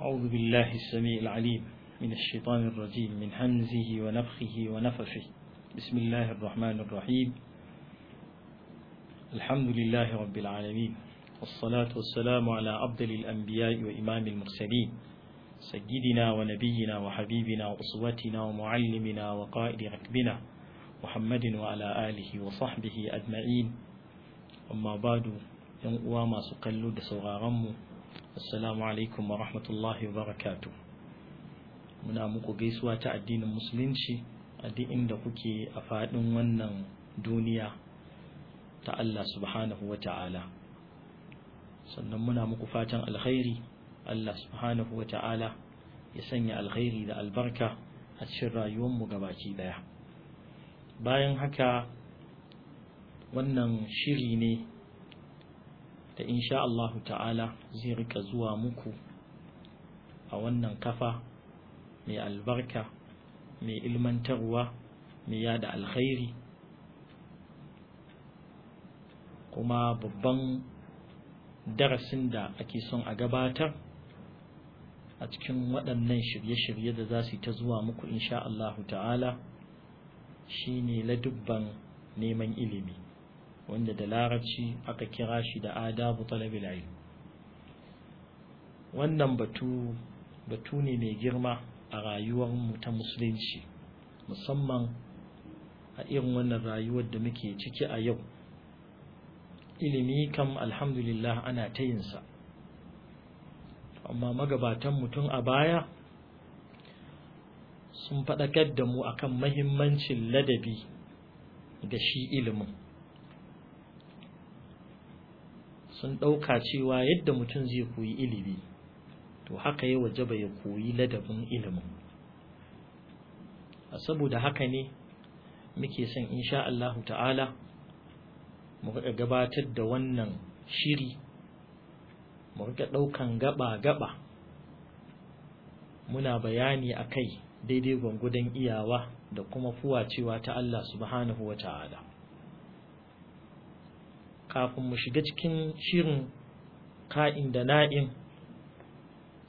أعوذ بالله السميع العليم من الشيطان الرجيم من همزه ونفخه ونفخه بسم الله الرحمن الرحيم الحمد لله رب العالمين والصلاة والسلام على أفضل الأنبياء وإمام المرسلين سيدنا ونبينا وحبيبنا وأسوتنا ومعلمنا وقائد ركبنا محمد وعلى آله وصحبه أجمعين أما بعد ينقوى ما سقلوا دسوغارمو assalamu alaikum wa rahmatullahi wa barakatuh muna muku gaisuwa ta addinin musulunci a duk inda kuke a faɗin wannan duniya ta Allah subhanahu wa ta'ala sannan muna muku fatan alkhairi Allah subhanahu wa ta'ala ya sanya alkhairi da albarka a cikin rayuwar rayuwarmu gabaki daya bayan haka wannan shiri ne da insha Allah ta'ala zai rika zuwa muku a wannan kafa mai albarka mai ilmantarwa mai yada alkhairi kuma babban darasin da ake son a gabatar a cikin waɗannan shirye-shirye da za su ta zuwa muku insha Allah ta'ala shine ladubban neman ilimi wanda da larabci aka kira shi da adabu talabil ilm wannan batu batu ne mai girma a rayuwar mu ta musulunci musamman a irin wannan rayuwar da muke ciki a yau ilimi kam alhamdulillah ana ta sa amma magabatan mutum a baya sun faɗakar da mu akan mahimmancin ladabi da shi ilimin sun ɗauka cewa yadda mutum zai koyi ilimi to haka ya wajaba ya koyi ladabin ilimin a saboda haka ne muke son insha Allahu ta'ala mu gabatar da wannan shiri mu rika ɗaukan gaba-gaba muna bayani a kai daidai gwangwadon iyawa da kuma fuwacewa ta Allah subhanahu wa kafin mu shiga cikin shirin ka'in da na'in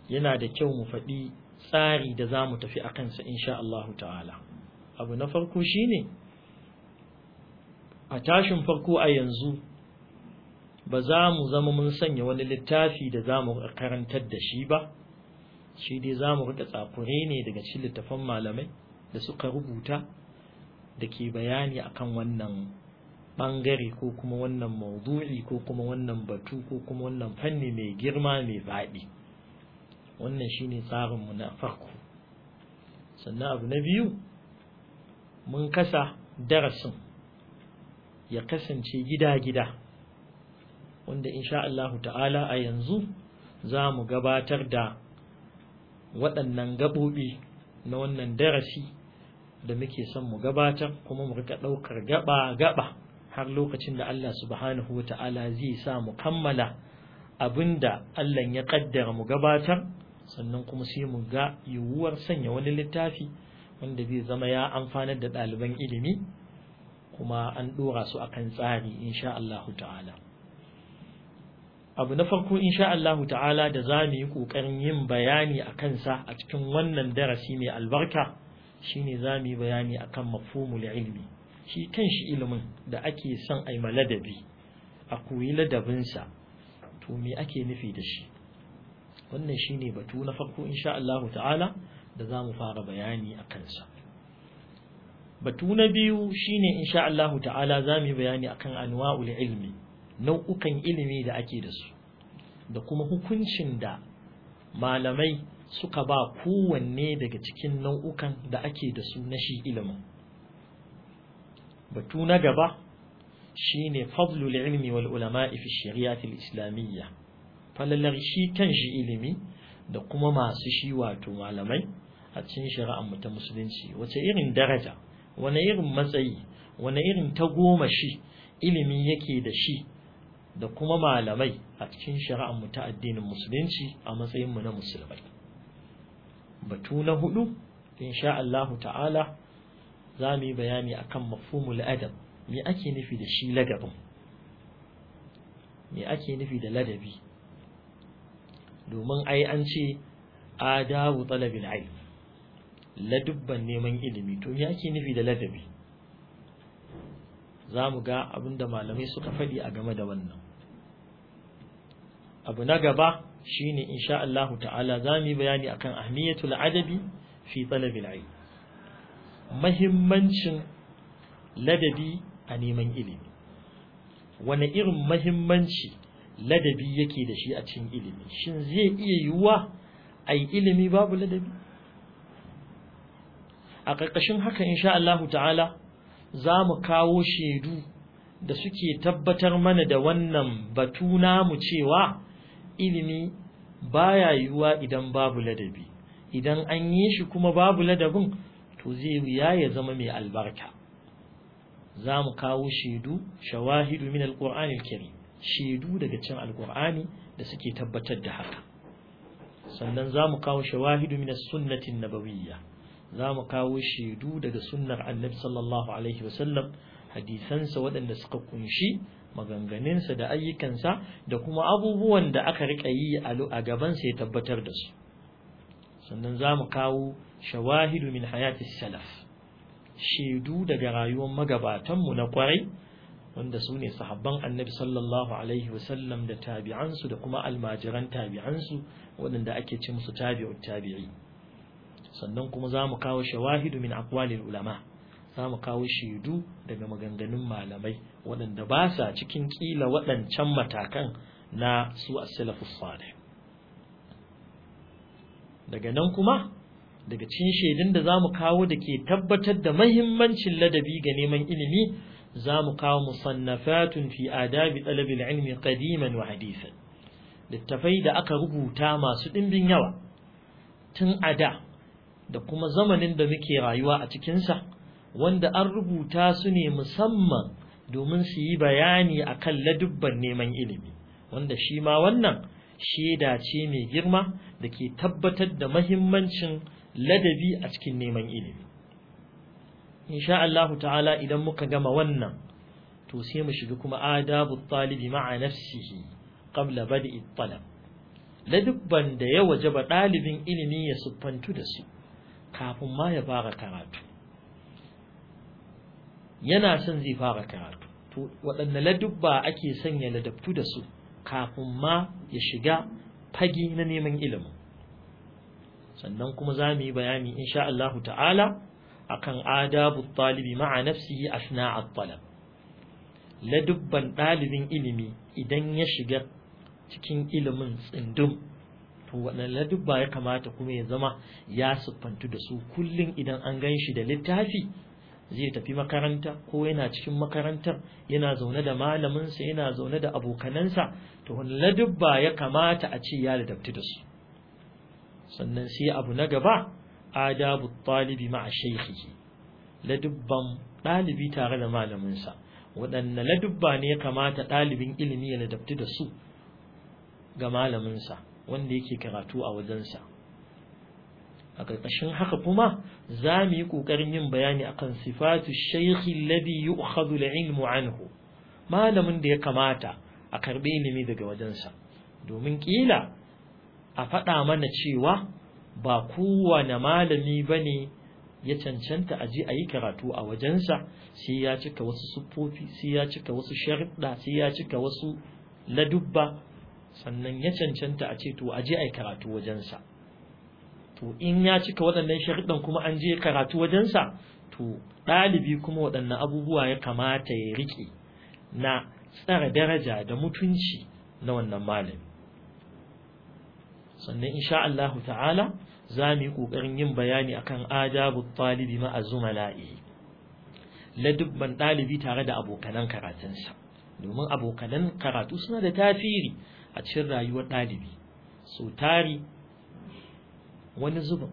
yana da kyau mu faɗi tsari da za mu tafi a kansa insha Allah ta'ala abu na farko shine a tashin farko a yanzu ba za mu zama mun sanya wani littafi da za mu karantar da shi ba shi dai za mu rika tsakure ne daga cikin littafan malamai da suka rubuta da ke bayani akan wannan bangare ko kuma wannan maudu'i ko kuma wannan batu ko kuma wannan fanni mai girma mai faɗi wannan shi ne tsarinmu na farko sannan abu na biyu mun kasa darasin ya kasance gida-gida wanda insha Allahu ta'ala a yanzu za mu gabatar da waɗannan gaɓoɓi na wannan darasi da muke son mu gabatar kuma mu rika ɗaukar gaba-gaba har lokacin da Allah subhanahu wa ta'ala zai sa mu kammala abinda Allah ya ƙaddara mu gabatar sannan kuma sai mu ga yiwuwar sanya wani littafi wanda zai zama ya amfanar da ɗaliban ilimi kuma an ɗora su akan tsari insha Allah ta'ala abu na farko insha Allah ta'ala da za mu yi ƙoƙarin yin bayani a kansa a cikin wannan darasi mai albarka shine za mu yi bayani akan mafhumul ilmi shi kanshi ilimin da ake son a yi ladabi a koyi ladabinsa to me ake nufi da shi wannan shi ne batu na farko insha Allah ta'ala da za mu fara bayani a kansa batu na biyu shine insha Allah ta'ala za mu yi bayani a akan anwa'ul ilimi, nau'ukan ilimi da ake da su da kuma hukuncin da malamai suka ba kowanne daga cikin nau'ukan da ake da su na shi ilimin batu na gaba shine fadlul ilmi wal ulama'i fi shari'ati islamiyya falalar shi kan shi ilimi da kuma masu shi wato malamai a cikin shari'ar mu ta musulunci wace irin daraja wane irin matsayi wane irin tagomashi ilimi yake da shi da kuma malamai a cikin shari'ar mu ta addinin musulunci a matsayin mu na musulmai batu na hudu insha Allah ta'ala za mu yi bayani a kan mafumul adab me ake nufi da shi ladabin me ake nufi da ladabi domin ai an ce adabu talabil ilm ladubban neman ilimi to me ake nufi da ladabi za mu ga abinda malamai suka faɗi a game da wannan abu na gaba shine insha Allah ta'ala za mu yi bayani akan ahmiyatul adabi fi talabil ilm mahimmancin ladabi a neman ilimi wani irin mahimmanci ladabi yake da shi a cikin ilimi shin zai iya yiwuwa a yi ilimi babu ladabi a ƙarƙashin haka insha Allahu ta'ala za mu kawo shaidu da suke tabbatar mana da wannan batu mu cewa ilimi baya yiwuwa idan babu ladabi idan an yi shi kuma babu ladabin to zai wuya ya zama mai albarka za mu kawo shaidu shawahidu min alqur'ani alkarim shaidu daga cin alqur'ani da suke tabbatar da haka sannan za mu kawo shawahidu min sunnatin sunnati nabawiyya za mu kawo shaidu daga sunnar annabi sallallahu alaihi wasallam hadisansa waɗanda suka kunshi maganganunsa da ayyukansa da kuma abubuwan da aka riƙa yi a gabansa ya tabbatar da su sannan za mu kawo shawahidu min hayati salaf shaidu daga rayuwar magabatanmu na kwarai wanda su ne sahabban annabi sallallahu alaihi wasallam da tabi'ansu da kuma almajiran tabi'ansu waɗanda ake ce musu tabi'ut tabi'i sannan kuma za mu kawo shawahidu min aqwalil ulama za mu kawo shaidu daga maganganun malamai waɗanda ba sa cikin kila waɗancan matakan na su as-salafus salih daga nan kuma daga cikin shaidun da za mu kawo da ke tabbatar da mahimmancin ladabi ga neman ilimi za mu kawo musannafatun fi adabi ɗalabin ilmi qadiman wa hadisan littafai da aka rubuta masu ɗimbin yawa tun a da da kuma zamanin da muke rayuwa a cikinsa wanda an rubuta su ne musamman domin su yi bayani a kan ladubban neman ilimi wanda shi ma wannan shaida ce mai girma da ke tabbatar da mahimmancin ladabi a cikin neman ilimi insha Allah ta'ala idan muka gama wannan to sai mu shiga kuma adabu talibi ma'a nafsihi qabla bad'i talab ladubban da ya wajaba ɗalibin ilimi ya sufantu da su kafin ma ya fara karatu yana son zai fara karatu to waɗanne ladubba ake sanya ladabtu da su kafin ma ya shiga fagi na neman ilimin sannan kuma za mu yi bayani insha Allah ta'ala a kan adabu talibi ma'a nafsihi asna a talab ladubban ɗalibin ilimi idan ya shiga cikin ilimin tsindum to waɗannan ladubba ya kamata kuma ya zama ya siffantu da su kullum idan an gan shi da littafi zai tafi makaranta ko yana cikin makarantar yana zaune da malaminsa yana zaune da abokanansa to wani ladubba ya kamata a ce ya ladabtu da su sannan sai abu na gaba adabu talibi ma'a shaykhihi ladubban ɗalibi tare da malaminsa waɗanne ladubba ne ya kamata ɗalibin ilimi ya ladabtu da su ga malaminsa wanda yake karatu a wajensa a ƙarƙashin haka kuma za mu yi ƙoƙarin yin bayani akan sifatu shaikhi alladhi yu'khadhu al-ilmu anhu malamin da ya kamata a karɓi ilimi daga wajensa domin ƙila. a faɗa mana cewa ba kowane malami ba ne ya cancanta a je a yi karatu a wajensa sai ya cika wasu siffofi sai ya cika wasu sharɗa sai ya cika wasu ladubba sannan ya cancanta a ce to a je a yi karatu wajensa to in ya cika waɗannan sharɗan kuma an je karatu wajensa to ɗalibi kuma waɗannan abubuwa ya kamata ya riƙe na tsara daraja da mutunci na wannan malami sannan insha Allah ta'ala za mu yi ƙoƙarin yin bayani akan adabu talibi ma azumala'i dubban ɗalibi tare da abokanan karatunsa domin abokanan karatu suna da tasiri a cikin rayuwar ɗalibi so tari wani zubin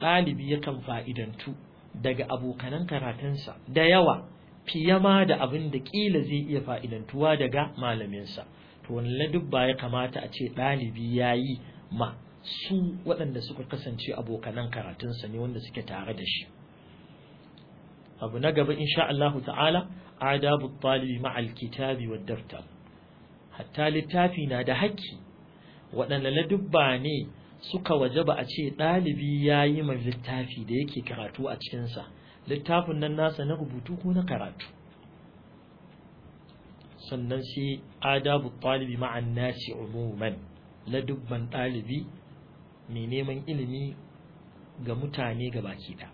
ɗalibi yakan fa'idantu daga abokanan karatunsa da yawa fiye ma da abin da ƙila zai iya fa'idantuwa daga malaminsa to wani ladubba ya kamata a ce ɗalibi ya yi ma su waɗanda suka kasance abokanan karatunsa ne wanda suke tare da shi abu na gaba insha Allah ta'ala adabu talibi ma'al kitabi wa daftar hatta littafi na da haƙƙi waɗanda ladubba ne suka wajaba a ce ɗalibi ya yi ma littafi da yake karatu a cikinsa littafin nan nasa na rubutu ko na karatu sannan sai adabu talibi ma'an nasi umuman ladubban ɗalibi mai neman ilimi ga mutane ga baki da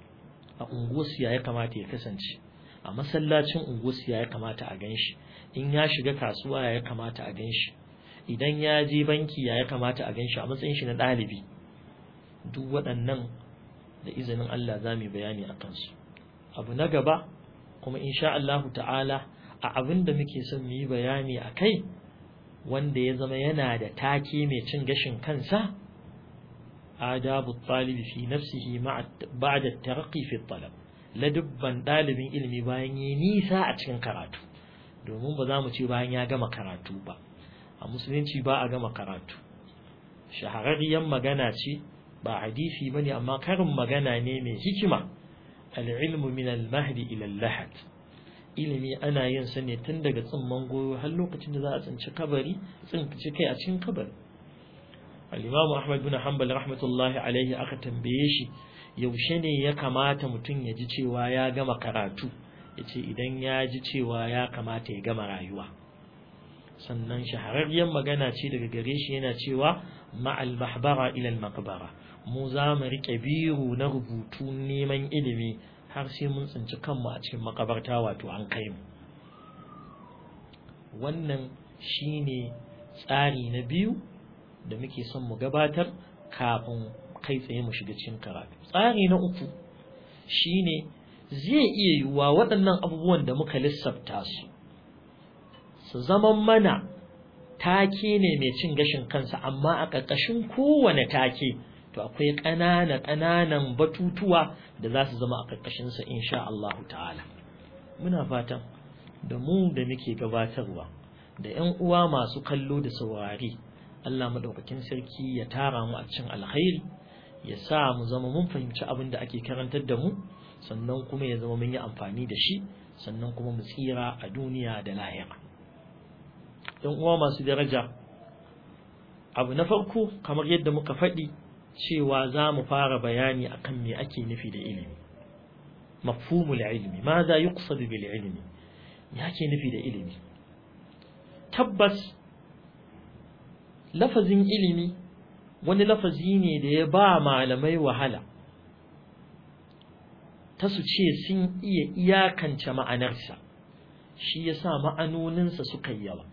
a unguwarsu ya kamata ya kasance a masallacin unguwarsu ya kamata a gan shi in ya shiga kasuwa ya kamata a gan shi idan ya je banki ya kamata a gan shi a matsayin shi na ɗalibi duk waɗannan da izinin Allah za mu bayani a kansu abu na gaba kuma insha Allah ta'ala a abin da muke son mu yi bayani a kai wanda ya zama yana da take mai cin gashin kansa adabu talibi fi nafsihi ba'da tarqi fi talab ladubban dalibin ilimi bayan yi nisa a cikin karatu domin ba za mu ce bayan ya gama karatu ba a musulunci ba a gama karatu shahararriyar magana ce ba hadisi ne, amma karin magana ne mai hikima al-ilmu min al-mahdi ila al-lahad ilimi ana yin sa ne tun daga tsimman goyo har lokacin da za a tsinci kabari tsinci kai a cikin kabari al-imamu ahmad bin hanbal rahmatullahi alaihi aka tambaye shi yaushe ne ya kamata mutum ya ji cewa ya gama karatu yace idan ya ji cewa ya kamata ya gama rayuwa sannan shahararriyar magana ce daga gare shi yana cewa ma'al mahbara ila al-maqbara mu za mu rike biro na rubutu neman ilimi har sai mun tsinci kanmu a cikin makabarta wato an kai mu wannan shine tsari na biyu da muke son mu gabatar kafin kai tsaye mu shiga cikin karatu tsari na uku shine zai iya yiwuwa waɗannan abubuwan da muka lissafta su su zaman mana take ne mai cin gashin kansa amma a ƙarƙashin kowane take to akwai ƙanana ƙananan batutuwa da za su zama a ƙarƙashin sa insha allahu ta'ala muna fatan da mu da muke gabatarwa da ƴan uwa masu kallo da saurari Allah madaukakin sarki ya tara mu a cikin alkhairi ya sa mu zama mun fahimci abin da ake karantar da mu sannan kuma ya zama mun yi amfani da shi sannan kuma mu tsira a duniya da lahira ƴan uwa masu daraja abu na farko kamar yadda muka faɗi cewa za mu fara bayani akan me ake nufi da ilimi mafhumul ilmi ma za yuqsadu bil ilmi me ake nufi da ilimi tabbas lafazin ilimi wani lafazi ne da ya ba malamai wahala ta su ce sun iya iyakance ma'anarsa shi ya sa ma'anoninsa suka yi yawa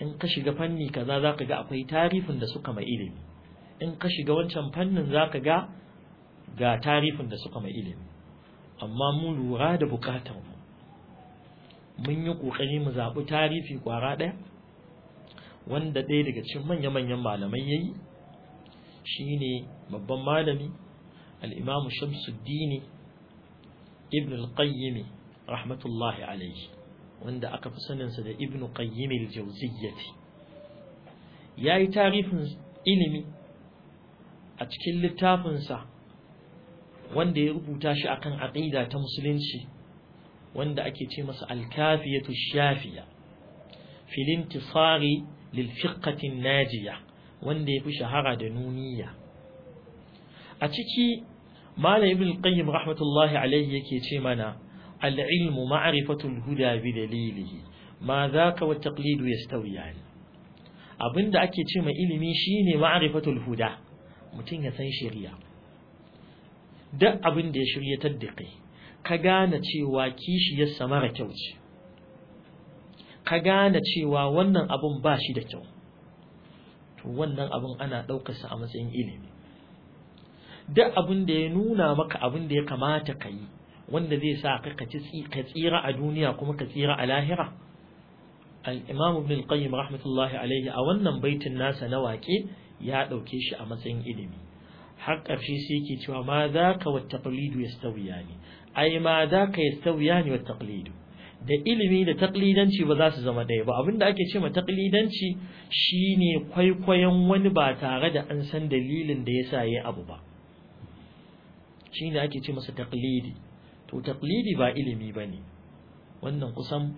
in ka shiga fanni kaza za ka ga akwai tarifin da suka ma ilimi in ka shiga wancan fannin za ka ga ga tarihin da suka mai ilimi amma mun lura da bukatar mu mun yi kokari mu zaɓi tarifi kwara ɗaya wanda ɗaya daga cikin manya-manyan malamai ya yi shine babban malami al'imamu shamsuddini ibn al-qayyimi rahmatullahi alaihi wanda aka fi saninsa da ibn qayyimi al-jawziyyati ya yi tarifin ilimi a cikin littafinsa wanda ya rubuta shi akan aqida ta musulunci wanda ake ce masa alkafiyatu shafiya fil intisari lil fiqhati najiya wanda ya fi shahara da nuniya a ciki malam ibn qayyim rahmatullahi alayhi yake ce mana al-ilmu ma'rifatu huda bi dalilihi ma ka wa taqlidu yastawiyani abinda ake ce ma ilimi shine ma'rifatul huda mutum ya san shirya. duk abin da ya shiryatar da kai ka gane cewa kishi ya samara kyau ce ka gane cewa wannan abun ba shi da kyau to wannan abun ana ɗaukarsa a matsayin ilimi duk abin da ya nuna maka abin da ya kamata ka yi wanda zai sa ka ka tsira a duniya kuma ka tsira a lahira al-imam ibn al-qayyim rahmatullahi alayhi a wannan baitin nasa na waƙe ya ɗauke shi a matsayin ilimi har ƙarshe sai yake cewa ma za ka wa taqlidu yastawiya ne ai ma za ka yastawiya ne wa taqlidu da ilimi da taqlidanci ba za su zama ɗaya ba abinda ake ce ma taqlidanci shine kwaikwayon wani ba tare da an san dalilin da ya sa yayi abu ba shine ake ce masa taqlidi to taqlidi ba ilimi ba ne. wannan kusan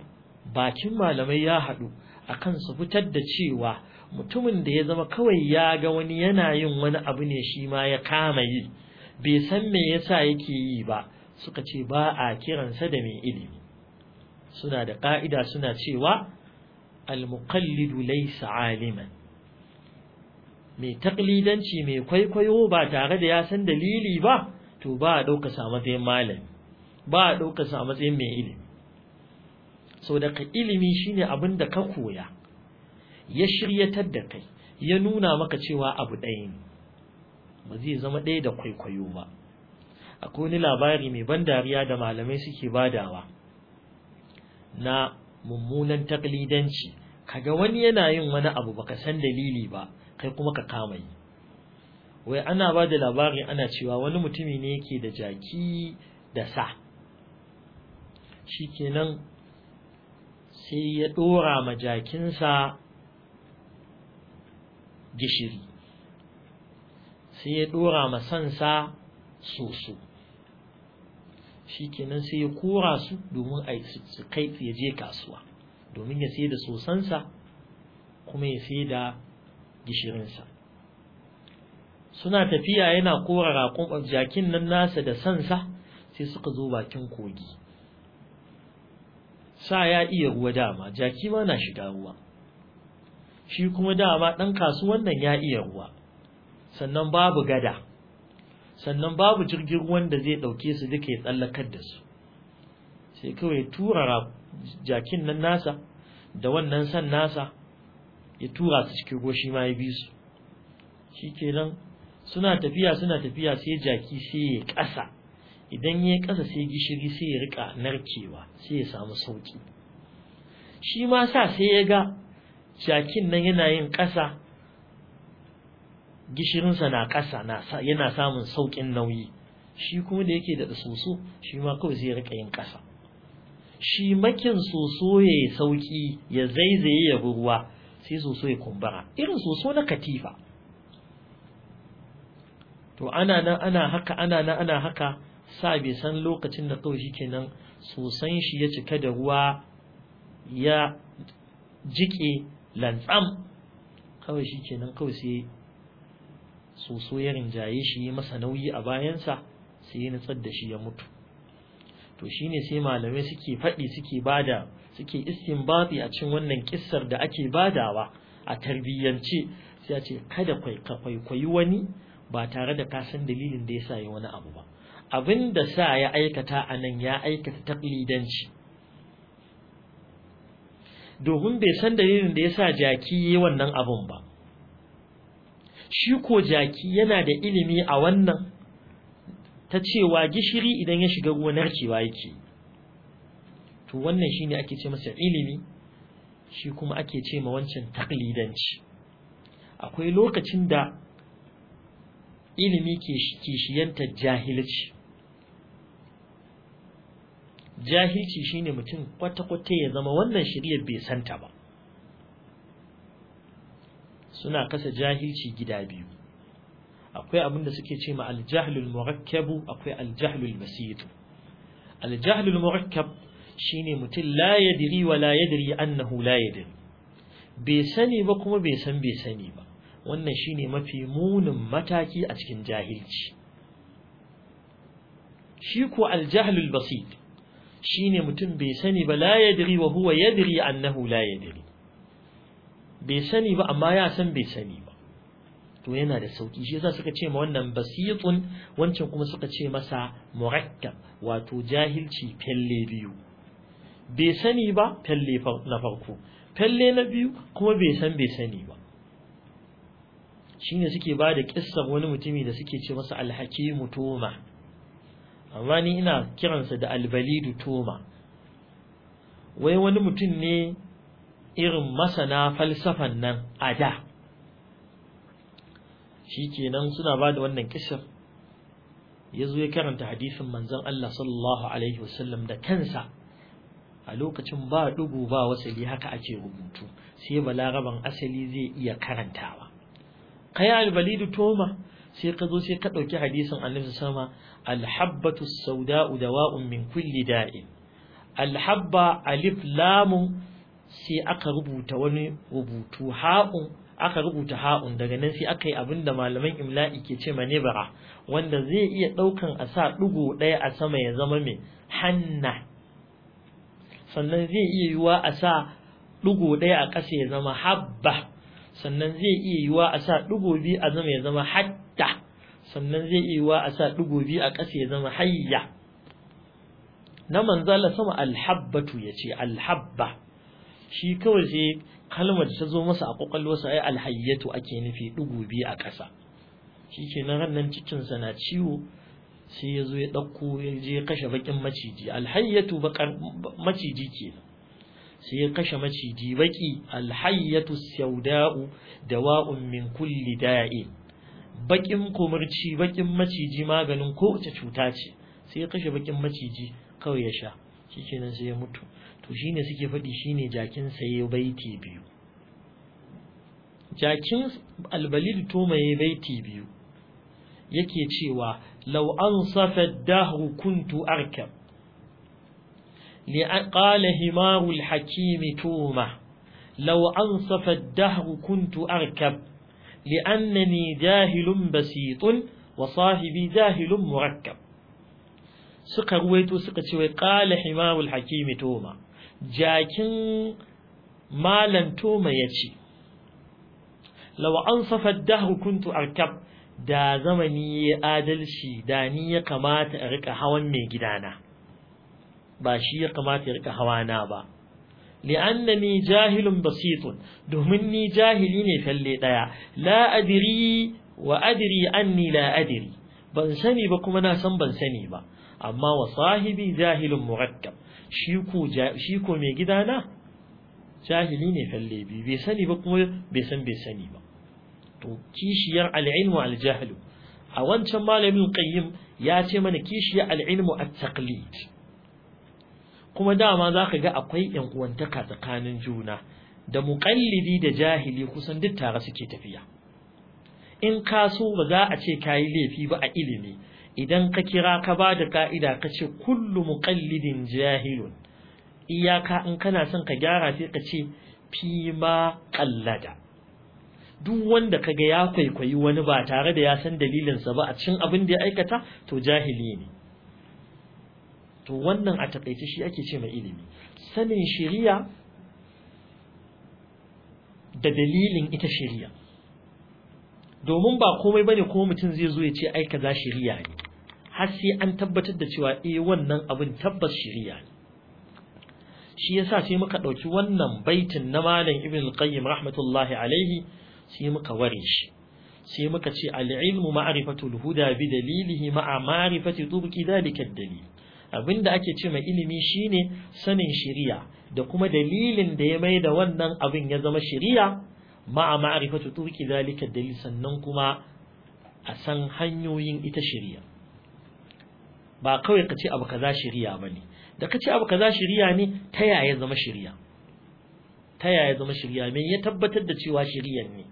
bakin malamai ya haɗu akan su fitar da cewa mutumin da ya zama kawai ya ga wani yana yin wani abu ne shi ma ya kama yi bai san me yasa yake yi ba suka ce ba a kiransa da mai ilimi suna da ka'ida suna cewa almuqallidu laysa aliman mai taklidanci mai kwaikwayo ba tare da ya san dalili ba to ba a ɗauka sa matsayin malami ba a ɗauka sa matsayin mai ilimi so daga ilimi shine abin da ka koya ya shiryatar da kai ya nuna maka cewa abu ɗaya ne ba zai zama ɗaya da kwaikwayo ba akwai wani labari mai ban dariya da malamai suke badawa na mummunan taklidanci kaga wani yana yin wani abu baka san dalili ba kai kuma ka kama yi wai ana ba da labari ana cewa wani mutumi ne yake da jaki da sa shikenan sai ya ɗora ma jakinsa gishiri sai ya dora ma sansa soso kenan sai ya kora su domin a su kai ya je kasuwa domin ya sai da sosansa kuma ya sai da gishirinsa suna tafiya yana kora raƙon jakin nan nasa da sansa sai suka zo bakin kogi sa ya iya ruwa dama jaki ma na shiga ruwa shi kuma dama ɗan kasuwan nan ya iya ruwa sannan babu gada sannan babu jirgin ruwan da zai ɗauke su duka ya tsallakar da su sai kawai tura jakin nan nasa da wannan san nasa ya tura su cikin goshi ma ya bi su shi suna tafiya suna tafiya sai jaki sai ya ƙasa idan ya ƙasa sai gishiri sai ya rika narkewa sai ya samu sauƙi shi ma sa sai ya ga jakin nan yana yin ƙasa gishirinsa na ƙasa yana samun sauƙin nauyi shi kuma da yake da soso shi ma kawai zai rika yin ƙasa shi makin soso ya yi sauƙi ya zaizaye ya bi ruwa sai soso ya kumbura irin soso na katifa to ana nan ana haka ana nan ana haka sa bai san lokacin da kawai shi kenan sosan shi ya cika da ruwa ya jiƙe. lantsam kawai shi kenan kawai sai soso ya rinjaye shi yi masa nauyi a bayansa sai ya nutsar da shi ya mutu to shine sai malamai suke faɗi suke bada suke istinbati a cikin wannan kissar da ake badawa a tarbiyyance sai a ce kada kwaikwayi wani ba tare da ka san dalilin da ya sa ya wani abu ba abin da sa ya aikata a nan ya aikata taklidanci domin bai san dalilin da yasa jaki yi wannan abun ba shi ko jaki yana da ilimi a wannan ta cewa gishiri idan ya shiga gonar narkewa yake to wannan shine ake ce masa ilimi shi kuma ake ce ma wancan taklidanci akwai lokacin da ilimi ke shiyanta jahilci jahilci shine mutum kwata-kwata ya zama wannan shiriyar bai santa ba suna kasa jahilci gida biyu akwai abin da suke ce ma aljahlul murakkabu akwai aljahlul basit aljahlul murakkab shine mutum la yadri wa la yadri annahu la yadri bai sani ba kuma bai san bai sani ba wannan shine mafi munin mataki a cikin jahilci shi ko aljahlul basit shine mutum bai sani ba la yadri wa huwa yadri annahu la yadri bai sani ba amma ya san bai sani ba to yana da sauƙi shi yasa suka ce ma wannan basitun wancan kuma suka ce masa murakkab wato jahilci falle biyu bai sani ba felle na farko Falle na biyu kuma bai san bai sani ba shine suke ba da kissar wani mutumi da suke ce masa alhakimu toma amma ni ina kiransa da albalidu toma wai wani mutum ne irin masana falsafan nan a da shi kenan suna ba da wannan kishir? ya zo ya karanta hadisin manzon Allah sallallahu alaihi wasallam da kansa a lokacin ba dugu ba wasali haka ake rubutu sai balaraban asali zai iya karantawa kai albalidu toma sai ka zo sai ka ɗauki hadisin annabi sama alhabbatu sauda'u dawa'un min kulli da'in alhabba alif Lamu sai aka rubuta wani rubutu ha'un aka rubuta ha'un daga nan sai aka yi abin da malaman imla'i ke ce manibara wanda zai iya ɗaukan a sa ɗigo ɗaya a sama ya zama mai hanna sannan zai iya wa a sa ɗigo daya a ƙasa ya zama habba sannan zai iya wa a sa ɗigo biyu a zama ya zama hatta sannan zai iya wa a sa ɗigo biyu a ƙasa ya zama hayya na manzala sama alhabbatu ya ce alhabba shi kawai sai kalmar ta zo masa a ƙwaƙwalwarsa ai alhayyatu ake nufi ɗigo biyu a ƙasa shi ke nan hannun cikinsa na ciwo sai ya zo ya ɗauko ya je ya kashe baƙin maciji alhayyatu baƙar maciji ke sai ya kashe maciji baƙi alhayyatu sauda'u dawa'un min kulli da'in bakin kumurci bakin maciji maganin ko kowace cuta ce sai ya kashe bakin maciji kawai ya sha shikenan sai ya mutu to shine suke faɗi shine jakin saye baiti biyu jakin albalid to mai baiti biyu yake cewa law an safa kuntu arkab li qala himarul hakimi tuma law an safa kuntu arkab li'annani jahilun basitun wa sahibi jahilun murakkab suka ruwaito suka ce wai ƙala himamul hakimi toma jakin malam toma yace law ansafa ad-dahr kuntu arkab da zamani ya adalci da ni ya kamata a rika hawan mai gidana ba shi ya kamata ya rika hawana ba لأنني جاهل بسيط دمني جاهلين فليتا لا أ د ر و أ د لا أدري د ر ي بنسني بكمنا سم بنسني ب أ وصاحبي جاهل مركب شيكو جا شيكو ميجدانا جاهلين بي بسني بكم بسن بسني ب تشيع العلم على الجهل أ و ن من القيم ياتي من كيشيع العلم التقليد kuma dama za ka ga akwai ‘yan uwantaka tsakanin juna da muƙallidi da jahili kusan duk tare suke tafiya in ka so ba za a ce ka yi laifi ba a ilimi idan ka kira ka ba da ka'ida ka ce kullu muƙallidin jahilun iyaka in kana son ka gyara sai ka ce fi ma ƙallada duk wanda ka ga ya kwaikwayi wani ba tare da ya san dalilinsa ba a cikin abin da ya aikata to jahili ne to wannan a takaice shi ake ce mai ilimi sanin shiriya da dalilin ita shiriya domin ba komai bane kuma mutum zai zo ya ce ai kaza shiriya ne har sai an tabbatar da cewa eh wannan abin tabbas shiriya ne shi yasa sai muka ɗauki wannan baitin na malam ibn qayyim rahmatullahi alaihi sai muka ware shi sai muka ce al-ilmu ma'rifatul huda bi dalilihi ma'a ma'rifati tubqi dhalika ad-dalil Abin da ake ce mai ilimi shine sanin shiriya da kuma dalilin da ya mai da wannan abin ya zama shiriya ma'a ma'rifatu turki zalika dalil sannan kuma a san hanyoyin ita shiriya ba kawai ka ce abu kaza shiriya bane da ka ce abu kaza shiriya ne ta yaya zama shiriya ta yaya zama shiriya me ya tabbatar da cewa shiriyan ne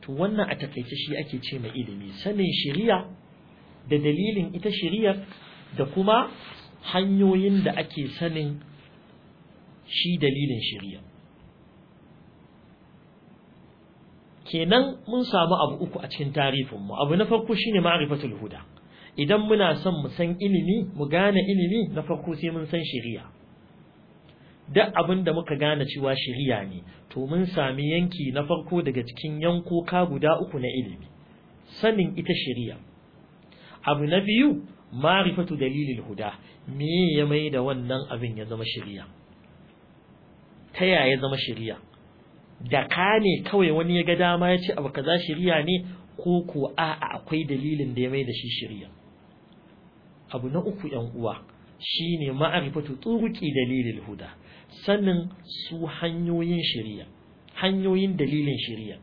to wannan a takaice shi ake ce mai ilimi sanin shiriya da dalilin ita shari'ar da kuma hanyoyin da ake sanin shi dalilin shirya. kenan mun samu abu uku a cikin tarifinmu abu na farko shine ma'rifatul huda idan muna son mu san ilimi mu gane ilimi na farko sai mun san shari'a duk abin da muka gane cewa shari'a ne to mun sami yanki na farko daga cikin yankoka guda uku na ilimi sanin ita shari'a abu na biyu ma'rifatu dalilin huda me ya mai da wannan abin ya zama shari'a ta yaya zama shari'a da ka ne kawai wani ya ga dama ya ce abu kaza shari'a ne ko ko a'a akwai dalilin da ya mai da shi shari'a abu na uku yan uwa shine ma'arifatu tsuruki dalilil huda sanin su hanyoyin shari'a hanyoyin dalilin shari'a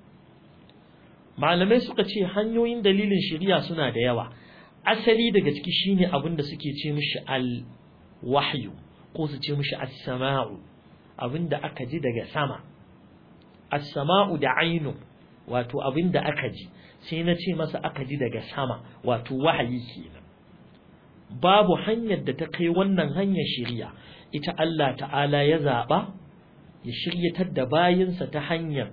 malamai suka ce hanyoyin dalilin shari'a suna da yawa asali daga ciki shine abin da suke ce mishi al-wahyu ko su ce mishi as-sama'u abin da aka ji daga sama as-sama'u da ainu wato abin da aka ji sai na ce masa aka ji daga sama wato wahayi kenan babu hanyar da ta kai wannan hanyar shirya ita Allah ta'ala ya zaba ya shiryatar da bayinsa ta hanyar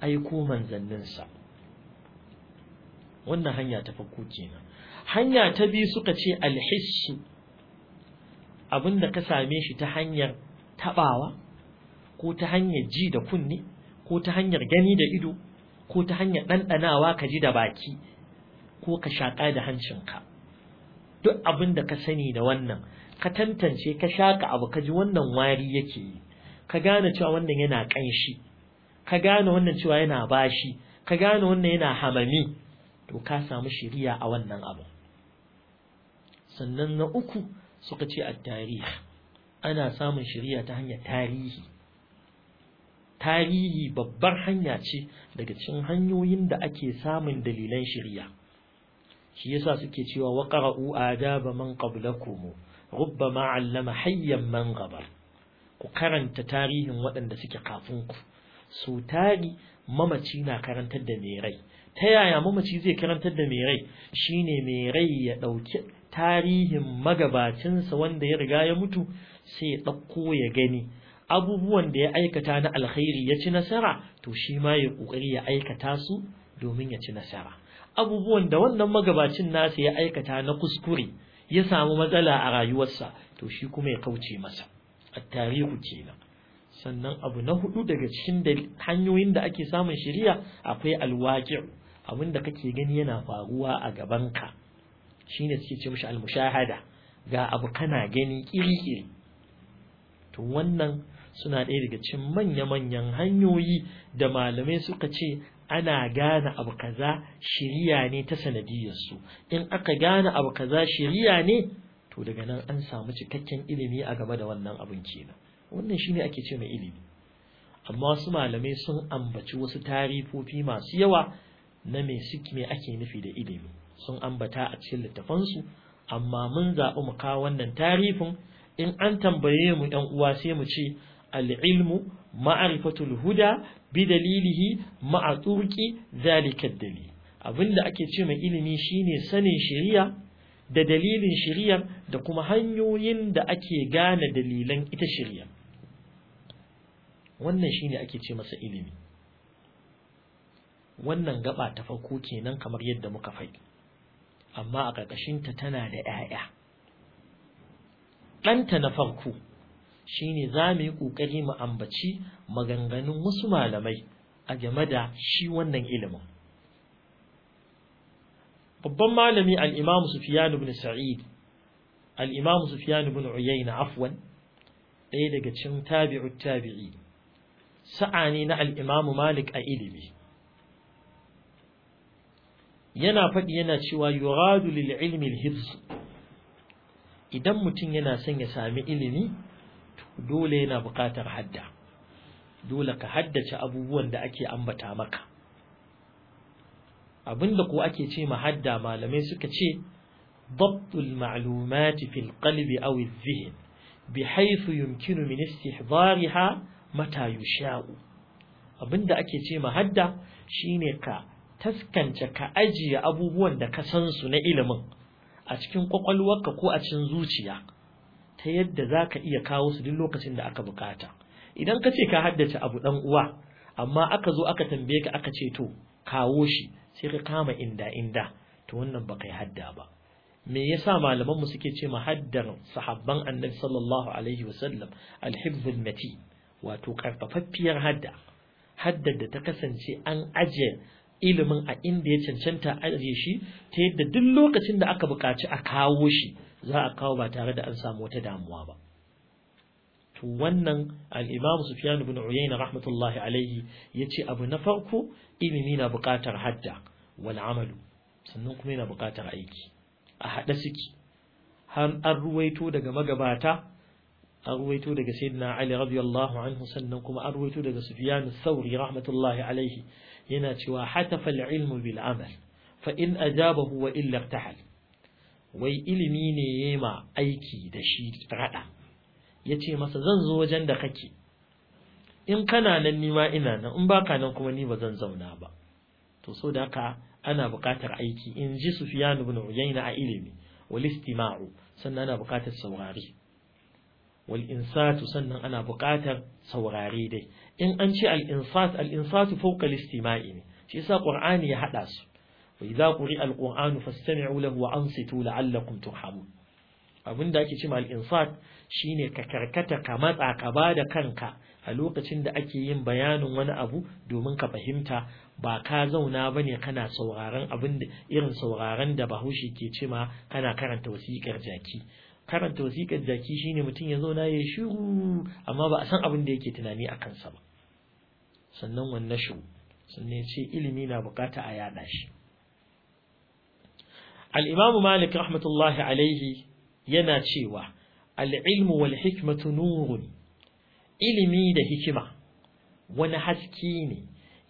aiko manzanninsa wannan hanya ta farko kenan hanya ta biyu suka ce abin abinda ka same shi ta hanyar tabawa ko ta hanyar ji da kunne ko ta hanyar gani da ido ko ta hanyar ɗanɗanawa ka ji da baki ko ka shaƙa da hancinka duk abin da ka sani da wannan ka tantance ka shaƙa abu ka ji wannan wari yake yi ka gane cewa wannan yana ƙanshi ka gane wannan cewa yana bashi ka gane wannan yana hamami to ka samu shiriya a wannan abu sannan na uku suka ce a tarihi ana samun shiriya ta hanyar tarihi tarihi babbar hanya ce daga cikin hanyoyin da ake samun dalilan shiriya shi yasa suke cewa wa qara'u adaba man qablakum rubbama 'allama hayyan man qabar ku karanta tarihin waɗanda suke kafin ku so tari mamaci na karantar da mai rai ta yaya mamaci zai karantar da mai rai ne mai rai ya ɗauki tarihin magabacinsa wanda ya riga ya mutu sai ya ɗauko ya gani abubuwan da ya aikata na alkhairi ya ci nasara to shi ma ya ƙoƙari ya aikata su domin ya ci nasara abubuwan da wannan magabacin nasa ya aikata na kuskure ya samu matsala a rayuwarsa to shi kuma ya kauce masa a tarihu kenan sannan abu na hudu daga cikin hanyoyin da ake samun shiriya akwai alwaƙi abin da kake gani yana faruwa a gaban gabanka shine suke ce al almushahada ga abu kana gani kiri-kiri to wannan suna ɗaya daga cikin manya-manyan hanyoyi da malamai suka ce ana gane abu kaza shiriya ne ta sanadiyarsu in aka gane abu kaza shiriya ne to daga nan an samu cikakken ilimi a game da wannan abin kenan wannan shine ake ce mai ilimi amma wasu malamai sun ambaci wasu tarifofi masu yawa na mai suke me ake nufi da ilimi sun ambata a cikin littafansu amma mun zaɓi mu kawo wannan tarihin. in an tambaye mu ɗan uwa sai mu ce al'ilmu ma'arifatul huda bi dalilihi ma'a turki zalika dalil abinda ake ce mai ilimi shine sanin shari'a da dalilin shari'a da kuma hanyoyin da ake gane dalilan ita shari'a wannan shine ake ce masa ilimi wannan gaba ta farko kenan kamar yadda muka faɗi amma a ƙarƙashinta tana da 'ya'ya ɗanta na farko shine za mu yi ƙoƙari mu ambaci maganganun wasu malamai a game da shi wannan ilimin babban malami al-Imam ibn Sa'id al-Imam Sufyan ibn Uyayna afwan ɗaya daga cikin tabi'ut tabi'i sa'a ne na al'imamu Malik a ilimi yana faɗi yana cewa yuradu lil ilmi al-hifz idan mutum yana son ya sami ilimi dole yana buƙatar hadda dole ka haddace abubuwan da ake ambata maka abinda ko ake ce ma hadda malamai suka ce ضبط المعلومات في القلب أو الذهن بحيث يمكن من استحضارها mata yusha'u abinda ake ce ma hadda shine ka taskance ka ajiye abubuwan da ka san su na ilimin a cikin kwakwalwarka ko a cikin zuciya ta yadda za ka iya kawo su duk lokacin da aka bukata idan ka ce ka haddace abu ɗan uwa amma aka zo aka tambaye ka aka ce to kawo shi sai ka kama inda inda to wannan ba kai hadda ba me yasa malaman mu suke ce haddar sahabban annabi sallallahu alaihi wasallam al mati wato karfafaffiyar hadda haddar da ta kasance an ajiye. ilimin a inda ya cancanta a ajiye shi ta yadda duk lokacin da aka buƙaci a kawo shi za a kawo ba tare da an samu wata damuwa ba to wannan al-Imam Sufyan ibn Uyayna rahmatullahi alayhi ce, abu na farko ilimi na buƙatar hadda wal amalu sannan kuma yana buƙatar aiki a haɗe siki, har an ruwaito daga magabata an ruwaito daga sayyidina Ali radiyallahu anhu sannan kuma an ruwaito daga Sufyan thawri rahmatullahi alayhi yana cewa hatafa al-ilmu bil amal fa in ajabahu wa illa tahal wai ilimi ne yema aiki da shi rada yace masa zan zo wajen da kake in kana nan ni ma ina nan in baka nan kuma ni ba zan zauna ba to so da haka ana buƙatar aiki in ji Sufyan ibn Uyayna a ilimi wal istima'u sannan ana buƙatar saurari wal insatu sannan ana buƙatar saurare dai in an ce al-insat al-insatu fawqa al-istima'i ne shi yasa qur'ani ya hada su wa idza quri'a al-qur'anu fastami'u lahu wa ansitu la'allakum turhamun abinda ake cewa al-insat shine ka karkata ka matsa ka bada kanka a lokacin da ake yin bayanin wani abu domin ka fahimta ba ka zauna bane kana sauraron abin da irin sauraron da Bahaushe ke cewa kana karanta wasiƙar jaki karanta wasiƙar jaki shine mutum ya zauna ya shiru amma ba a san abin da yake tunani a kansa ba sannan wannan shi sannan ya ce ilimi na bukata a yada shi al-imam malik rahmatullahi alaihi yana cewa al-ilmu wal hikmatu nurun ilimi da hikima wani haski ne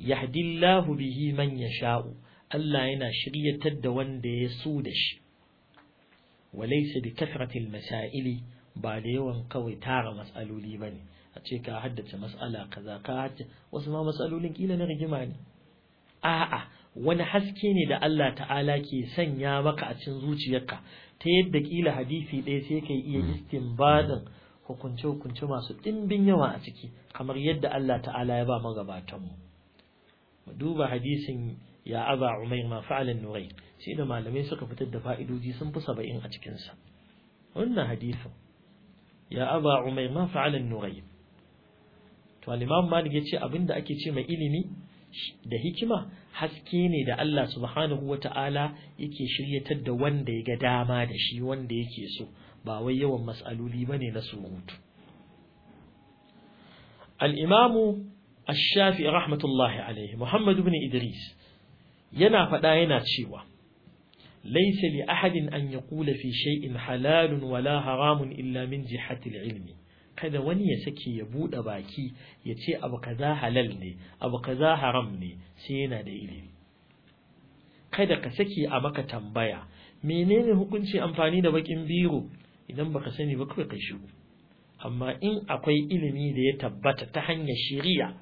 yahdillahu bihi man yasha'u Allah yana shiryatar da wanda ya so da shi walaysa bi kasratil masaili ba da yawan kawai tara matsaloli bane a ce ka haddace mas'ala kaza ka haddace wasu ma matsalolin kila na rigima ne a'a wani haske ne da Allah ta'ala ke sanya maka a cikin zuciyarka ta yadda kila hadisi ɗaya sai kai iya mm-hmm. istinbadin hukunce hukunce masu ɗimbin yawa a ciki kamar yadda Allah ta'ala ya ba magabatan mu mu duba hadisin ya aba umair ma fa'alan nurai sai da malamai suka fitar da fa'idoji sun fi saba'in a cikinsa wannan hadisin ya aba umair ma fa'alan nurai to al-imam malik yace abinda ake ce mai ilimi da hikima haske ne da Allah subhanahu wata'ala yake shiryatar da wanda ya ga dama da shi wanda yake so ba wai yawan mas'aloli bane na surutu al-imam ash-shafi'i rahmatullahi alayhi muhammad ibn idris yana faɗa yana cewa laysa li ahadin an yaqula fi shay'in halalun wala haramun illa min jihati al-ilmi kada wani ya sake ya buɗe baki ya ce abu kaza halal ne abu kaza haram ne sai yana da ilimi kada ka sake a maka tambaya menene hukunci amfani da bakin biro idan baka sani ba kai kai shigo amma in akwai ilimi da ya tabbata ta hanyar shari'a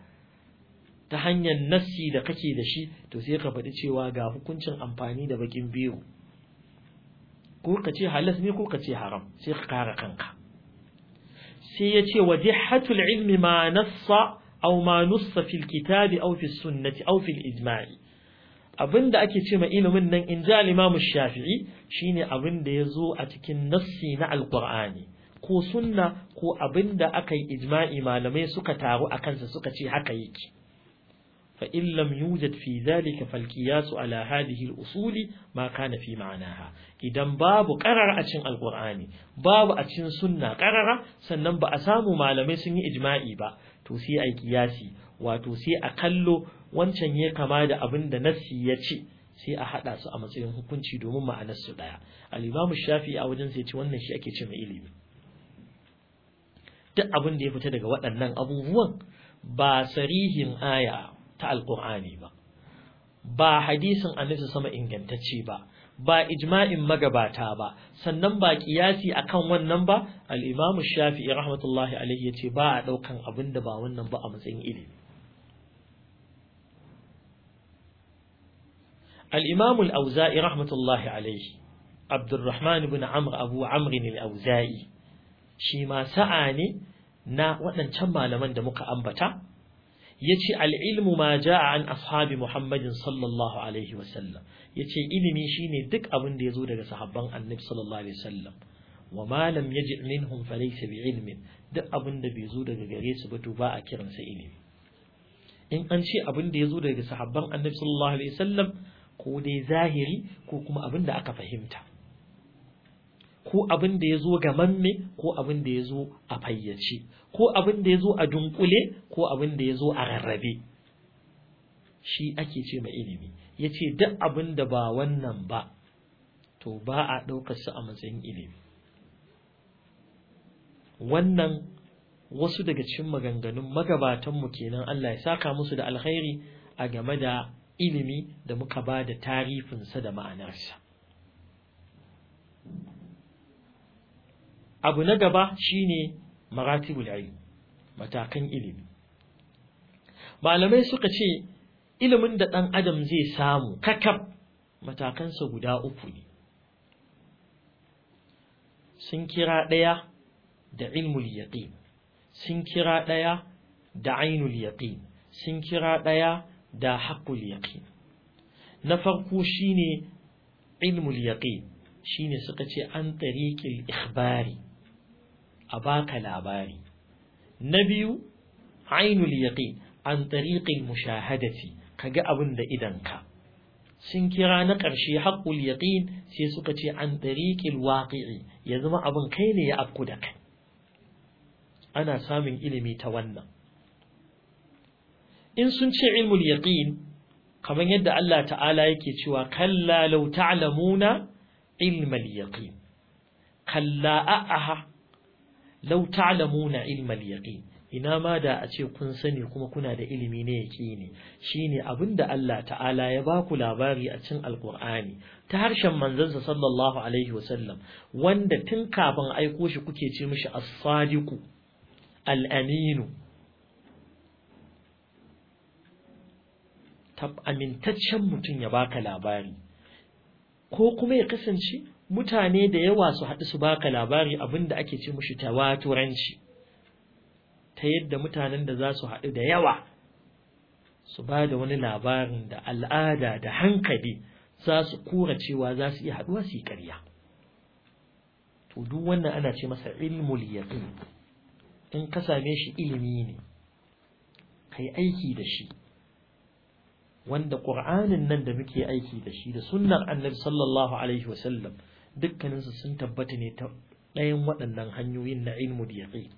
ta hanyar nassi da kake da shi to sai ka faɗi cewa ga hukuncin amfani da bakin biro ko ka ce halas ne ko ka ce haram sai ka kare kanka sai ya ce ilmi ma nassa au ma nussa fil kitabi au fis sunnati fil ijma'i abinda ake ce ma ilimin nan in ji al Shafi'i shine ya zo a cikin nassi na alkur'ani ko sunna ko da aka yi ijma'i malamai suka taru a kansa suka ce haka yake فإن لم يوجد في ذلك فالقياس على هذه الأصول ما كان في معناها إذا باب قرر أتشن القرآن باب أتشن سنة قرر سنن بأسامو ما لم يسن إجمائي با توسي أي قياسي وتوسي أقل وانشن يكما دا أبن دا نسي يتشي sai a haɗa su a matsayin hukunci domin ma'anar su ɗaya al-imamu shafi a wajen sai ce wannan shi ake ce mai ilimi duk abin da ya fita daga waɗannan abubuwan ba sarihin aya ta Alƙur'ani ba ba hadisin annabi sama ingantacce ba ba ijma'in magabata ba sannan ba kiyasi akan wannan ba al-Imam Shafi'i rahmatullahi alaihi yace ba a daukan abin da ba wannan ba a matsayin ilimi al-Imam al-Auza'i rahmatullahi alaihi Abdurrahman ibn Amr Abu Amr al-Auza'i shi ma sa'a ne na waɗancan malaman da muka ambata yace al-ilmu ma jaa an ashabi Muhammadin sallallahu alaihi wasallam yace ilimi shine duk abin da yazo daga sahabban Annabi sallallahu alaihi wasallam wa ma lam yaji' minhum bi ilimin duk abin da bai zo daga gare su ba to ba a kiransa ilimi in an ce abin da yazo daga sahabban Annabi sallallahu alaihi wasallam ko dai zahiri ko kuma abin da aka fahimta ko abin da ya zo ga mamme ko abin da ya zo a fayyace ko abin da ya zo a dunkule ko abin da ya zo a rarrabe shi ake ce ma ilimi ya ce duk abin da ba wannan ba to ba a ɗaukar su a matsayin ilimi wannan wasu daga cikin maganganun magabatanmu kenan Allah ya saka musu da alkhairi a game da ilimi da muka ba da tarifinsa da ma'anarsa. abu na gaba shine maratibul ilm matakan ilimi malamai suka ce ilimin da ɗan adam zai samu kakab matakansa guda uku ne sun kira ɗaya da ilmul yaqin sun kira ɗaya da ainul yaqin sun kira ɗaya da haƙul yaqin na farko shine ilmul yaqin shine suka ce an tariqil ikhbari a baka labari na biyu ainul yaqin an tariqil mushahadati kaga abin da idanka sun kira na ƙarshe haƙul yaqin sai suka ce an tariqil waqi'i ya zama abin kai ne ya afku da kai ana samun ilimi ta wannan in sun ce ilmul yaqin kamar yadda Allah ta'ala yake cewa kalla law ta'lamuna ilmal yaqin kalla a'aha lau ta'lamuna ilmal yaqin ina ma da a ce kun sani kuma kuna da ilimi ne yaqini shine abinda Allah ta'ala ya baku labari a cikin alqur'ani ta harshen manzansa sallallahu alaihi wasallam wanda tun kafin aiko shi kuke ce mishi as-sadiqu al-aminu amintaccen mutum ya baka labari ko kuma ya kasance mutane da yawa su haɗu su baka labari abin da ake ce mushi tawaturanci ta yadda mutanen da za su haɗu da yawa su ba da wani labarin da al'ada da hankali za su kura cewa za su iya haɗuwa su yi ƙarya to duk wannan ana ce masa ilmul yaqin in ka same shi ilimi ne kai aiki da shi wanda ƙur'anin nan da muke aiki da shi da sunnar annabi sallallahu alaihi wasallam dukkaninsu sun tabbata ne ta ɗayan waɗannan hanyoyin na ilmu da yaƙi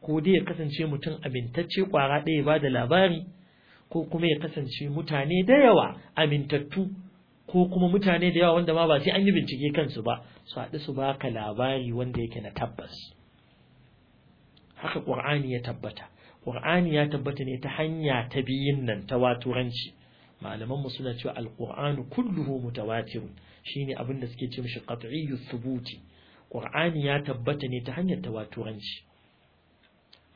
ko dai ya kasance mutum amintacce ƙwara ɗaya ba da labari ko kuma ya kasance mutane da yawa amintattu ko kuma mutane da yawa wanda ma ba sai an yi bincike kansu ba su haɗu su baka labari wanda yake na tabbas haka ƙur'ani ya tabbata ƙur'ani ya tabbata ne ta hanya ta biyun nan ta waturanci malaman mu suna cewa alqur'anu kulluhu mutawatir shine abin da suke ce mishi qat'iyyu thubuti qur'ani ya tabbata ne ta hanyar tawaturanci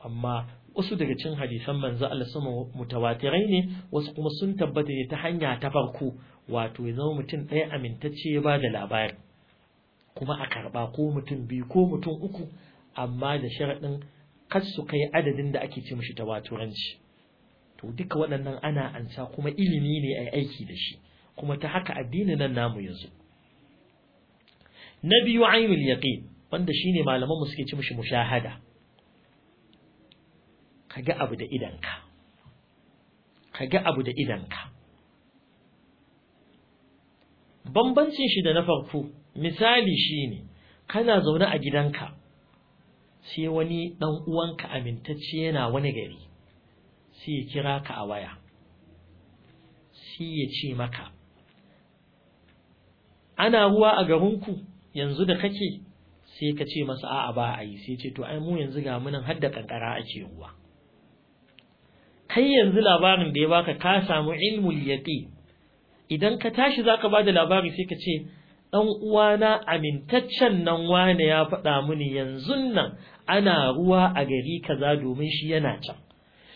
amma wasu daga cikin hadisan manzo Allah sama mutawatirai ne wasu kuma sun tabbata ne ta hanya ta farko wato ya zama mutum ɗaya amintacce ya ba da labari kuma a karɓa ko mutum biyu ko mutum uku amma da sharaɗin kar su kai adadin da ake ce mishi tawaturanci to duka waɗannan ana ansa kuma ilimi ne a aiki da shi kuma ta haka addini nan namu yanzu na biyu ainul yaqin wanda shine malaman mu suke ci mishi mushahada kaga abu da idanka kaga abu da idanka bambancin shi da na farko misali shine kana zaune a gidanka sai wani ɗan uwanka amintacce yana wani gari sai ya kira ka a waya sai ya ce maka ana ruwa a garinku yanzu da kake sai ka ce masa a'a ba a yi sai ce to ai mu yanzu ga munan hadda kankara ake ruwa kai yanzu labarin da ya baka ka samu ilmul yaqi idan ka tashi zaka bada labari sai ka ce dan uwana amintaccen nan wane ya faɗa mini yanzun nan ana ruwa a gari kaza domin shi yana can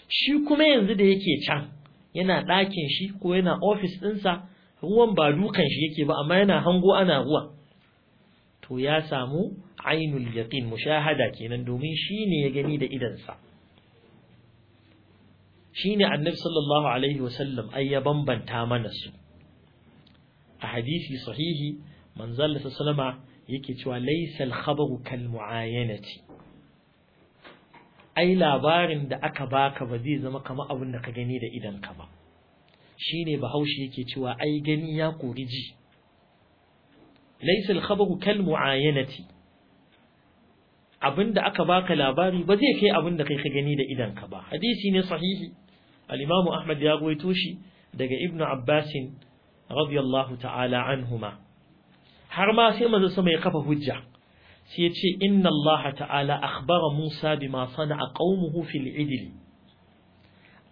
shi kuma yanzu da yake can yana ɗakin shi ko yana ofis ɗinsa ruwan ba dukan shi yake ba amma yana hango ana ruwa to ya samu ainul yaqin mushahada kenan domin shi ne ya gani da idansa shi ne annabi sallallahu alaihi wasallam ai ya bambanta mana su a hadisi sahihi manzal sallama yake cewa laisal khabaru kal muayanati ai labarin da aka baka ba zai zama kamar abin da ka gani da idan ka ba shine bahaushe yake cewa ai gani ya kori ji Laisal al-khabaru kal mu'ayanati abinda aka baka labari ba zai kai abinda kai ka gani da idan ka ba hadisi ne sahihi al-imamu ahmad ya gwaito shi daga ibn abbas radiyallahu ta'ala anhuma har ma sai manzo sama ya kafa hujja sai ya ce inna Allah ta'ala akhbara Musa bima a qaumuhu fil idil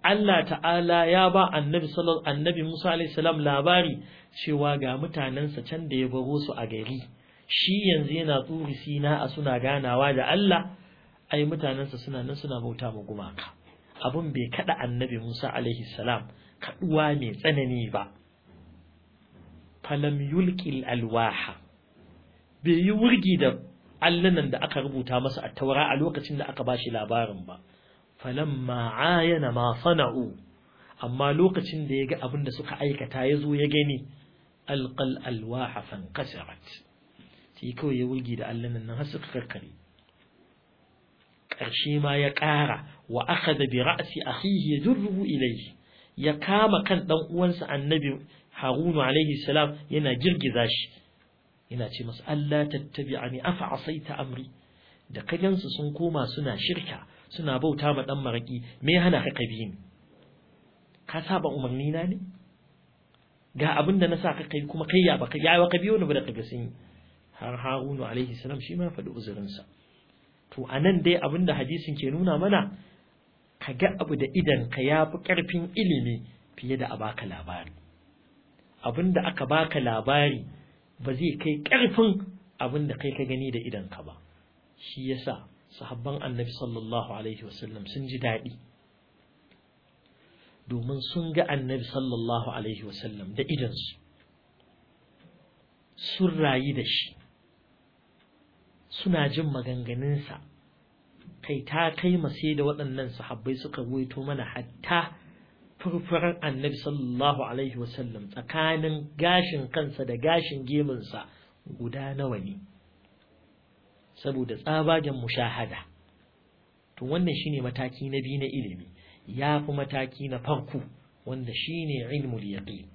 Allah ta'ala ya ba annabi sallallahu annabi Musa alaihi salam labari cewa ga mutanensa can da ya baro su a gari shi yanzu yana tsuri sina a suna ganawa da Allah ai mutanansa suna nan suna bauta ma gumaka abun bai kada annabi Musa alaihi salam kaduwa mai tsanani ba falam yulqil alwaha bai yi wurgi da allanan da aka rubuta masa a taura a lokacin da aka bashi labarin ba falamma ayana ma sana'u amma lokacin da ya ga abin da suka aikata ya zo ya gani alqal alwaha fankasarat sai kawai ya wurgi da allanan nan har suka karkare ƙarshe ma ya ƙara wa akhadha bi ra'si akhihi yajruhu ilayhi ya kama kan dan uwansa annabi Harunu alaihi salam yana girgiza shi yana ce masu Allah tattabi'ani afa asaita amri da kagansu sun koma suna shirka suna bauta ma ɗan maraki me hana ka kabi ni ka saba umarni na ne ga abin da na sa ka kai kuma kai ya baka ya wa kabi wani ba da kaga sun har Harunu alaihi salam shi ma faɗi uzurinsa to anan dai abin da hadisin ke nuna mana ka ga abu da idan ka ya fi ƙarfin ilimi fiye da a baka labari abin da aka baka labari ba zai kai ƙarfin abin da kai ka gani da idan ka ba shi yasa sahabban annabi sallallahu alaihi wasallam sun ji daɗi domin sun ga annabi sallallahu alaihi wasallam da idansu sun rayu da shi suna jin maganganunsa kai ta kai sai da waɗannan sahabbai suka goito mana hatta furfuran annabi sallallahu alaihi wasallam tsakanin gashin kansa da gashin gemunsa guda nawa ne saboda tsabagen mushahada to wannan shine mataki na biyu na ilimi ya fi mataki na farko wanda shine ilmul yaqin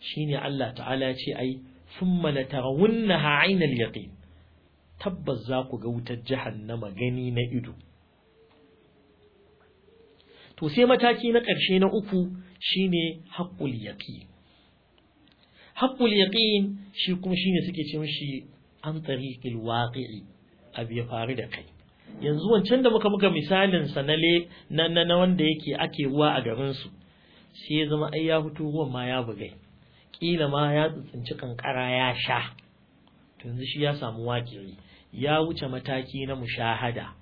shine Allah ta'ala ce ai thumma latarawunnaha 'ainal yaqin tabbas za ku ga wutar jahannama gani na ido to sai mataki na ƙarshe na uku shine haƙƙul yaqin haƙƙul yaqin shi kuma shine suke ce mishi an tariqil waqi'i abu ya faru da kai yanzu wancan da muka buga misalin sa na le na na wanda yake ake ruwa a garin su sai ya zama ai ya fito ruwan ma ya bugai kila ma ya tsinci kankara ya sha to yanzu shi ya samu waƙiri ya wuce mataki na mushahada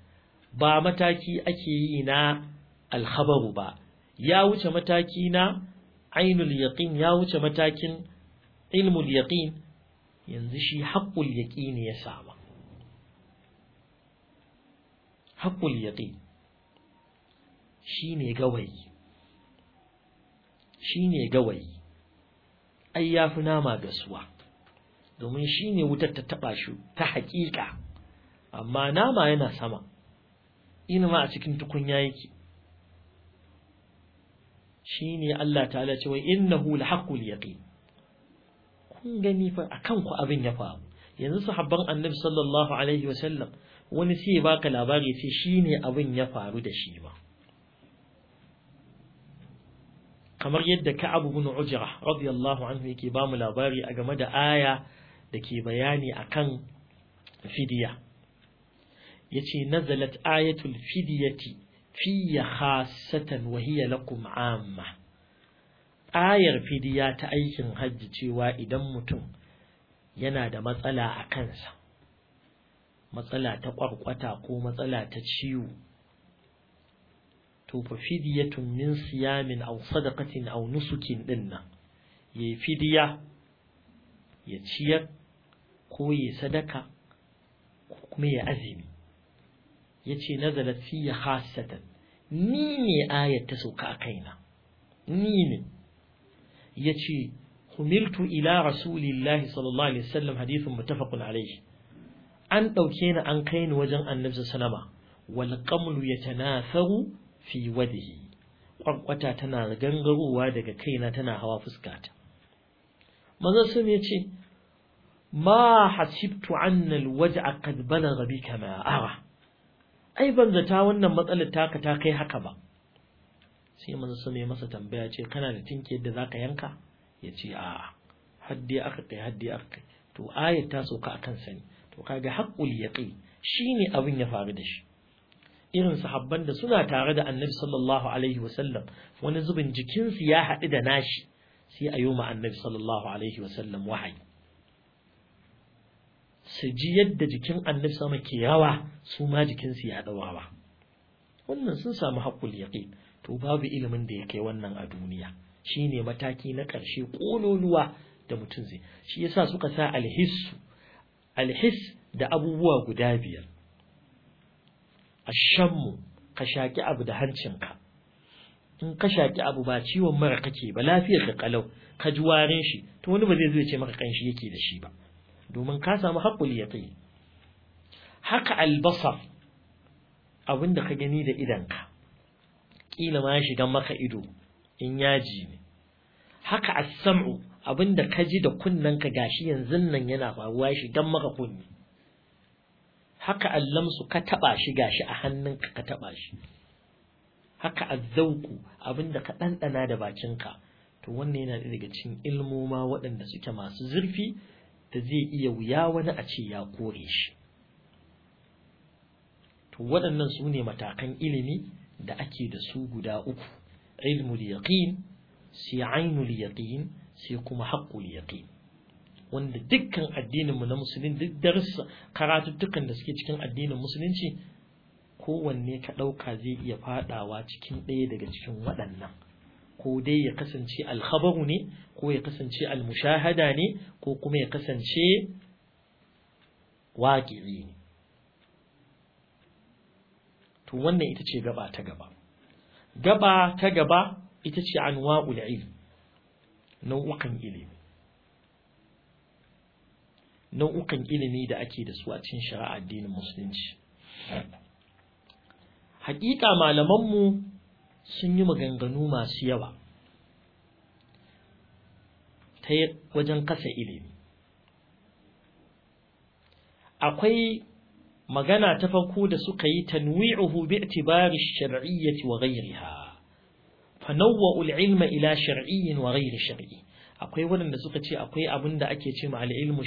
ba mataki ake yi na alkhabaru ba ya wuce mataki na ainul yaqin ya wuce matakin ilmul yaqin yanzu shi haqqul yaqin ya sama haqqul yaqin shine gawayi shine gawayi ai yafi nama gasuwa domin shine wutar ta taba shi ta haƙiƙa amma nama yana sama ilma a cikin tukunya yake shine Allah ta'ala ce wai innahu lahaqqul yaqin kun gani fa akan ku abin ya faru yanzu sahabban annabi sallallahu alaihi wasallam wani sai baka labari sai shine abin ya faru da shi ba kamar yadda Ka'ab ibn Ujra radiyallahu anhu yake ba mu labari a game da aya da ke bayani akan fidiya yace nazalat ayatul fidiyati fiyya khasatan wa hiya lakum amma fidiya ta aikin hajji cewa idan mutum yana da matsala a kansa matsala ta ƙwarƙwata ko matsala ta ciwo to fa fidiyatun min siyamin aw sadaqatin aw nusukin dinnan yayi fidiya ya ciyar ko ya sadaka ko kuma ya azumi يتي نزلت فيه خاصة نيني آية تسوكا كينا نيني يتي حملت إلى رسول الله صلى الله عليه وسلم حديث متفق عليه أن أوكينا أن كين وجن أن نفس سلمة والقمل يتناثر في وده قرقوتا تنا غنغروا daga kaina tana hawa fuskata manzo sun yace ma hasibtu anna alwaj'a qad balagha bika ma ara ai ban zata wannan matsalar taka ta kai haka ba sai manzo sama masa tambaya ce kana da tinki yadda zaka yanka ya ce a haddi aka kai haddi aka kai to ayat ta sauka akan sani to kaga haqqul yaqin shine abin ya faru da shi irin sahabban da suna tare da annabi sallallahu alaihi wasallam wani zubin jikinsu ya haɗu da nashi sai a yi annabi sallallahu alaihi wasallam wahayi su ji yadda jikin annabi sama ke yawa su ma jikinsu ya ɗaurawa wannan sun samu haƙƙul yaƙi to babu ilimin da ya kai wannan a duniya shine mataki na ƙarshe ƙololuwa da mutum zai shi yasa suka sa alhissu alhis da abubuwa guda biyar ashammu ka shaki abu da hancinka in ka shaki abu ba ciwon mara kake ba lafiyar da kalau ka ji warin shi to wani ba zai zo ya ce maka kanshi yake da shi ba domin ka samu haƙul kai, haka albasar abinda ka gani da idanka ƙila ma ya shiga maka ido in yaji ne haka as-sam'u abinda ka ji da kunnanka gashi yanzu nan yana faruwa shi shiga maka kunni haka allamsu ka taɓa shi gashi a hannunka ka taba shi haka azzauku abinda ka ɗanɗana da bakinka to wannan yana daga cikin ilmoma waɗanda suke masu zurfi da zai iya wuya wani a ce ya kore shi to waɗannan su ne matakan ilimi da ake da su guda uku ilmul yaqin sai ainul yaqin sai kuma haqqul yaqin wanda dukkan addininmu na musulun duk darussa karatuttukan da suke cikin addinin musulunci kowanne ka ɗauka zai iya faɗawa cikin ɗaya daga cikin waɗannan ko dai ya kasance alkhabaru ne ko ya kasance almushahada ne ko kuma ya kasance waƙi'i ne to wannan ita ce gaba ta gaba gaba ta gaba ita ce anwa'ul ilm nau'ukan ilimi nau'ukan ilimi da ake da su a cikin shari'a addinin musulunci haƙiƙa malamanmu sun yi maganganu masu yawa ta wajen kasa ilimi akwai magana ta farko da suka yi tanwi'uhu bi'tibari shar'iyyati wa ghayriha fanawwa'u al-ilma ila shar'iyyin wa ghayri shar'i akwai waɗanda suka ce akwai abinda ake ce ma al-ilmu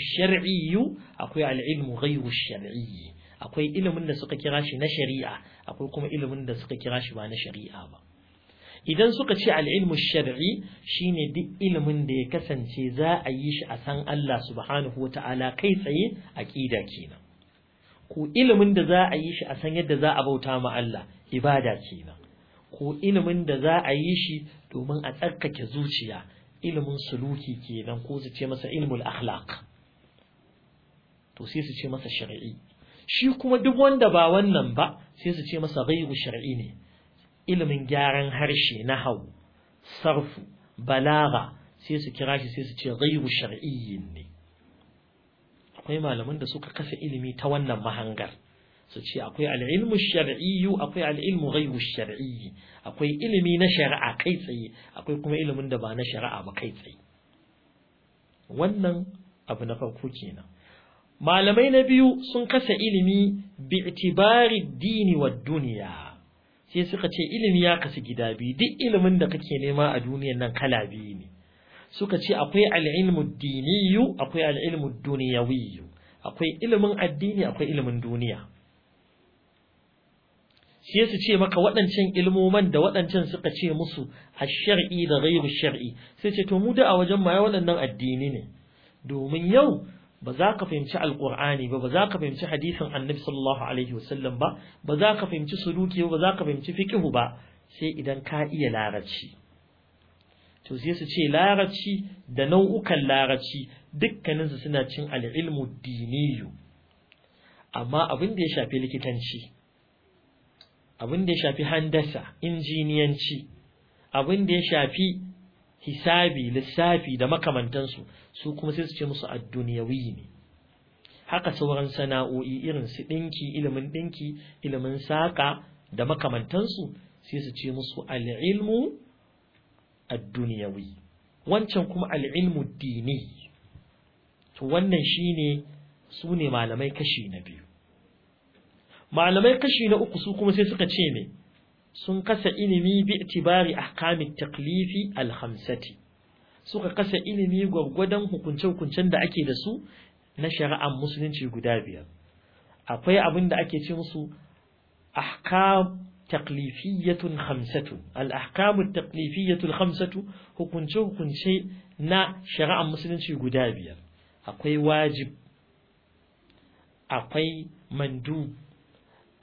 akwai al-ilmu ghayru akwai ilimin da suka kira shi na shari'a akwai kuma ilimin da suka kira shi ba na shari'a ba idan suka ce al'ilmu shar'i shine duk ilimin da ya kasance za a yi shi a san Allah subhanahu wa ta'ala kai tsaye ƙida kenan ko ilimin da za a yi shi a san yadda za a bauta ma Allah ibada kenan ko ilimin da za a yi shi domin a tsarkake zuciya ilimin suluki kenan ko su ce masa ilmul akhlaq to sai su ce masa shar'i shi kuma duk wanda ba wannan ba sai su ce masa ghairu shar'i ne ilimin gyaran harshe na hau sarfu balaga sai su kira shi sai su ce ghairu shar'iyyin ne akwai malaman da suka kasa ilimi ta wannan mahangar su ce akwai al'ilmu shar'iyyu akwai al'ilmu ghairu shar'iyyi akwai ilimi na shari'a kai tsaye akwai kuma ilimin da ba na shari'a ba kai tsaye wannan abu na farko kenan malamai na biyu sun kasa ilimi bi'tibari dini wa duniya sai suka ce ilimi ya kasu gida biyu duk ilimin da kake nema a duniyar nan kala biyu ne suka ce akwai al'ilmu diniyu akwai al'ilmu duniyawiyu akwai ilimin addini akwai ilimin duniya sai su ce maka waɗancan ilmoman da waɗancan suka ce musu a shar'i da gairu shar'i sai ce to mu da a wajen ma waɗannan addini ne domin yau ba za ka fahimci alkur'ani ba ba za ka fahimci hadisin annabi sallallahu alaihi wasallam ba ba za ka fahimci suluki ba ba za ka fahimci fiqhu ba sai idan ka iya laraci. to sai su ce laraci da nau'ukan laraci dukkaninsu suna cin al'ilmu diniyu amma abin da ya shafi likitanci abin da ya shafi handasa injiniyanci abin da ya shafi hisabi lissafi da makamantansu su kuma sai su ce musu adduniyawi ne haka sauran sana'o'i irin su ɗinki ilimin ɗinki ilimin saƙa da makamantansu sai su ce musu al'ilmu adduniyawi wancan kuma al'ilmu dini to wannan shine su ne malamai kashi na biyu malamai kashi na uku su kuma sai suka ce me sun kasa ilimi bi itibari ahkamit taklifi alhamsati suka kasa ilimi gwargwadon hukunce-hukuncen da ake da su na shari'ar musulunci guda biyar akwai abin da ake ce musu ahkam taklifiyatun hamsatu. al-ahkamu taklifiyyatul-hamsatu hukunce-hukunce na shari'ar musulunci guda biyar akwai wajib akwai mandu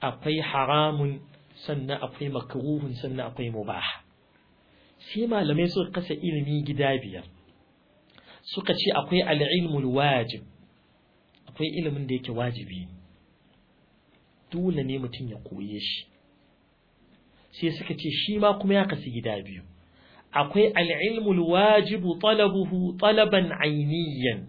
akwai haramun sannan akwai makruhun sannan akwai mubah sai malamai suka kasa ilimi gida biyar suka ce akwai al'ilmul wajib akwai ilimin da yake wajibi dole ne mutum ya koye shi sai suka ce shi ma kuma ya kasa gida biyu akwai al'ilmul wajibu talabuhu talaban ainiyan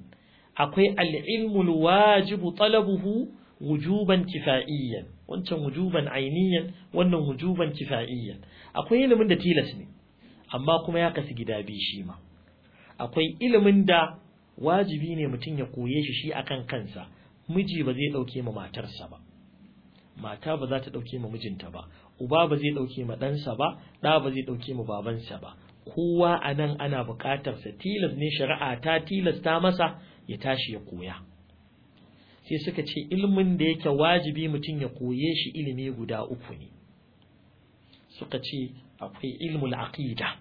akwai al'ilmul wajibu talabuhu wujuban kifa'iyyan wancan wujuban ainiyan wannan wujuban kifa'iyyan akwai ilimin da tilas ne amma kuma ya kasu gida biyu shi ma akwai ilimin da wajibi ne mutum ya koye shi shi akan kansa miji ba zai dauke ma matarsa ba mata ba za ta dauke ma mijinta ba uba ba zai dauke ma ɗansa ba ɗa ba zai dauke ma babansa ba kowa anan ana buƙatar sa tilas ne shari'a ta tilasta masa ya tashi ya koya sai suka ce ilimin da yake wajibi mutum ya koye shi ilimi guda uku ne suka ce akwai ilmul aqida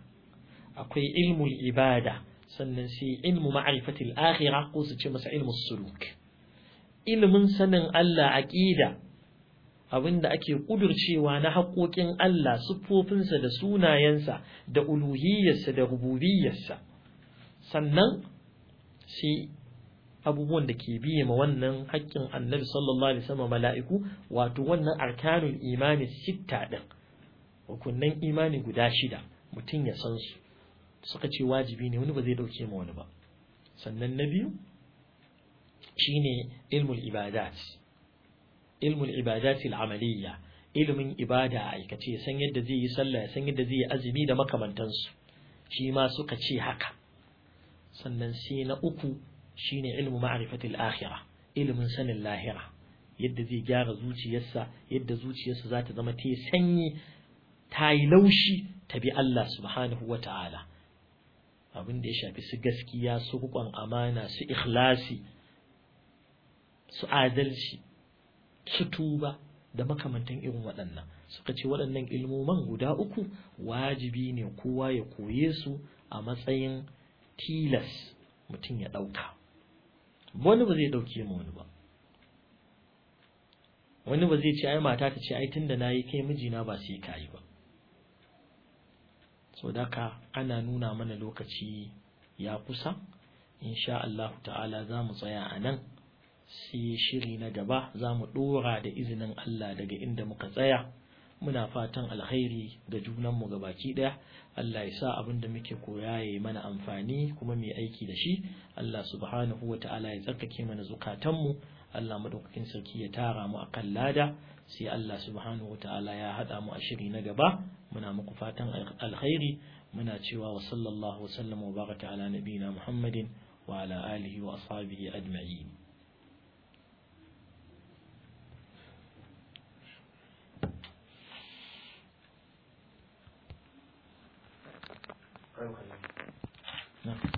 akwai ilmul ibada sannan sai ilmu ma'arifatil akhirah ko su ce masa ilmu suluk Ilmin sanin Allah aqida abinda ake kudurcewa na haƙoƙin Allah siffofinsa da sunayensa da uluhiyarsa da rububiyyarsa sannan sai abubuwan da ke biye ma wannan haƙƙin annabi sallallahu alaihi wasallam mala'iku wato wannan arkanul imani sitta din hukunnan imani guda shida mutum ya san su suka ce wajibi ne wani ba zai dauke ma wani ba sannan na biyu shine ilmul ibadat ilmul ibadat al-amaliyya ilimin ibada a aikace san yadda zai yi sallah san yadda zai yi azumi da makamantansu shi ma suka ce haka sannan sai na uku shine ilmu ma'rifatil akhirah ilmin sanin lahira yadda zai gyara zuciyarsa yadda zuciyarsa za ta zama ta sanyi ta yi laushi ta bi Allah subhanahu wa ta'ala abin da ya shafi su gaskiya su rukon amana su ikhlasi su adalci su tuba da makamantan irin waɗannan suka ce waɗannan ilmoman guda uku wajibi ne kowa ya koye su a matsayin tilas mutum ya ɗauka wani ba zai dauke mu wani ba wani ba zai ce ai mata ta ce ai tunda nayi kai mijina ba sai kai ba so daka ana nuna mana lokaci ya kusa insha Allah ta'ala za mu tsaya a nan sai shiri na gaba za mu dora da izinin Allah daga inda muka tsaya muna fatan alkhairi ga junanmu ga baki ɗaya Allah ya sa abin da muke koya ya yi mana amfani kuma mai aiki da shi Allah subhanahu wa ta'ala ya tsarkake mana zukatanmu Allah madaukakin sarki ya tara mu akan lada sai Allah subhanahu wa ta'ala ya haɗa mu a shiri na gaba muna muku fatan alkhairi muna cewa wa sallallahu wa sallam wa baraka ala nabiyina Muhammadin wa ala alihi wa ashabihi ajma'in 很有可能。